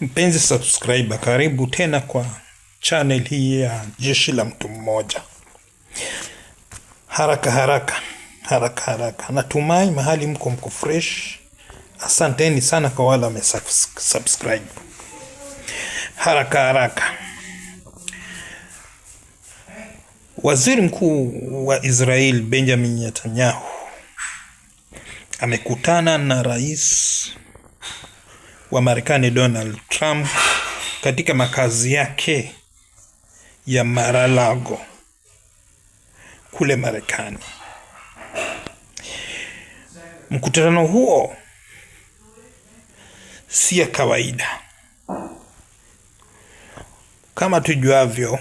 Mpenzi subscriber, karibu tena kwa channel hii ya Jeshi la Mtu Mmoja. Haraka haraka haraka haraka, natumai mahali mko mko fresh. Asanteni sana kwa wale wamesubscribe. Haraka haraka, waziri mkuu wa Israel Benjamin Netanyahu amekutana na rais wa Marekani Donald Trump katika makazi yake ya Maralago kule Marekani. Mkutano huo si ya kawaida. Kama tujuavyo,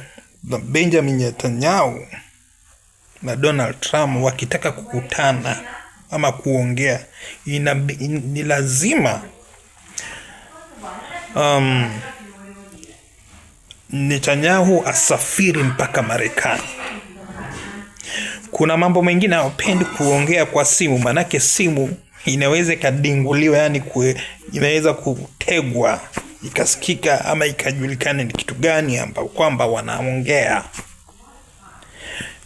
Benjamin Netanyahu na Donald Trump wakitaka kukutana ama kuongea, ni lazima um, Netanyahu asafiri mpaka Marekani. Kuna mambo mengine hawapendi kuongea kwa simu, manake simu inaweza ikadinguliwa, yani kue, inaweza kutegwa ikasikika ama ikajulikana ni kitu gani ambao kwamba wanaongea.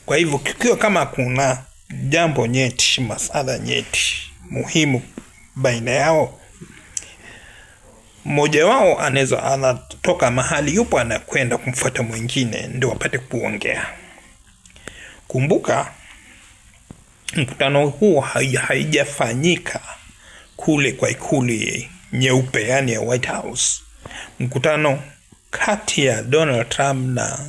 Kwa hivyo kikiwa kama kuna jambo nyeti, masala nyeti muhimu baina yao mmoja wao anaweza anatoka mahali yupo anakwenda kumfuata mwingine ndio wapate kuongea. Kumbuka mkutano huu haijafanyika kule kwa ikulu nyeupe, yaani ya White House. Mkutano kati ya Donald Trump na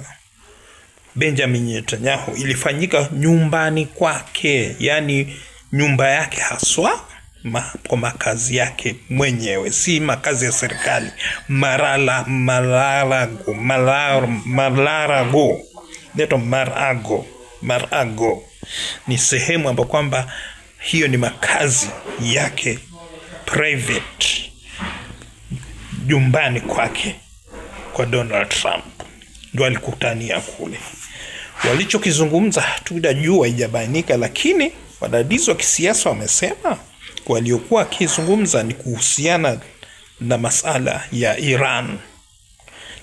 Benjamin Netanyahu ilifanyika nyumbani kwake, yani nyumba yake haswa ma, kwa makazi yake mwenyewe, si makazi ya serikali. Marala malarago malar, malarago neto marago marago ni sehemu ambayo kwamba hiyo ni makazi yake private, jumbani kwake kwa Donald Trump ndo alikutania kule. Walichokizungumza hatujajua, haijabainika, lakini wadadizi wa kisiasa wamesema waliokuwa wakizungumza ni kuhusiana na masala ya Iran,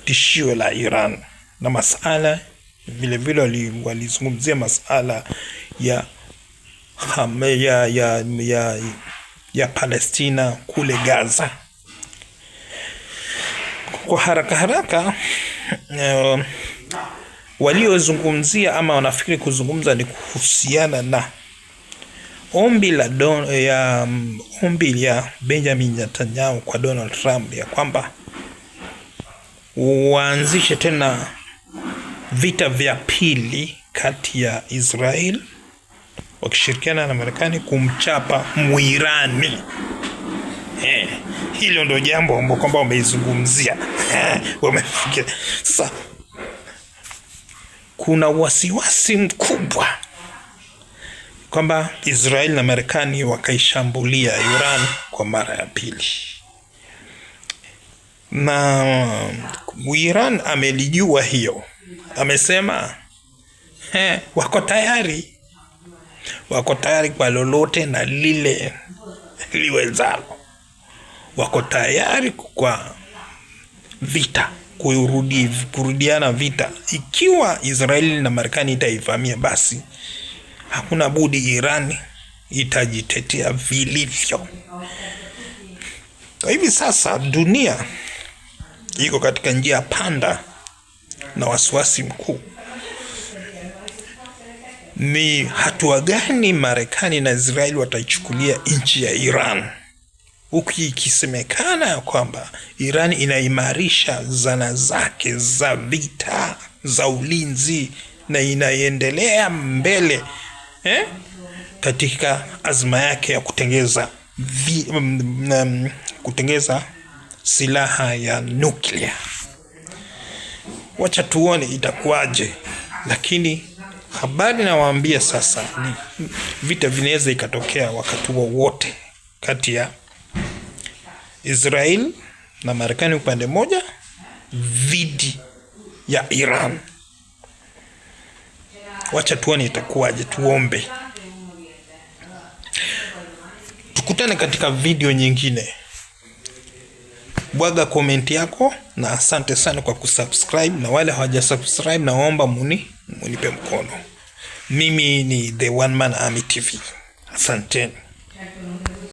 tishio la Iran na masala vilevile walizungumzia masala ya, ya, ya, ya, ya Palestina kule Gaza. Kwa haraka haraka uh, waliozungumzia ama wanafikiri kuzungumza ni kuhusiana na ombi la don, eh, ya, mm, ombi ya Benjamin Netanyahu kwa Donald Trump ya kwamba waanzishe tena vita vya pili kati ya Israel wakishirikiana na Marekani kumchapa Muirani. Eh, hilo ndio jambo ambalo kwamba wameizungumzia eh, wamefikia. Sasa kuna wasiwasi mkubwa kwamba Israel na Marekani wakaishambulia Iran kwa mara ya pili, na Iran amelijua hiyo, amesema he, wako tayari, wako tayari kwa lolote na lile liwezalo, wako tayari kwa vita kurudi, kurudiana vita ikiwa Israeli na Marekani itaivamia basi hakuna budi jirani itajitetea vilivyo. Kwa hivi sasa dunia iko katika njia panda na wasiwasi mkuu. Ni hatua gani Marekani na Israeli wataichukulia nchi ya Iran, huku ikisemekana ya kwamba Iran inaimarisha zana zake za vita za ulinzi na inaendelea mbele eh? katika azma yake ya kutengeza vi, um, um, kutengeza silaha ya nuklia. Wacha tuone itakuwaje, lakini habari nawaambia sasa ni vita vinaweza ikatokea wakati wowote kati ya Israel na Marekani upande mmoja dhidi ya Iran wacha tuone itakuwaje, tuombe. Tukutane katika video nyingine. Bwaga komenti yako na asante sana kwa kusubscribe, na wale hawajasubscribe naomba muni munipe mkono. Mimi ni The One Man Army TV, asanteni.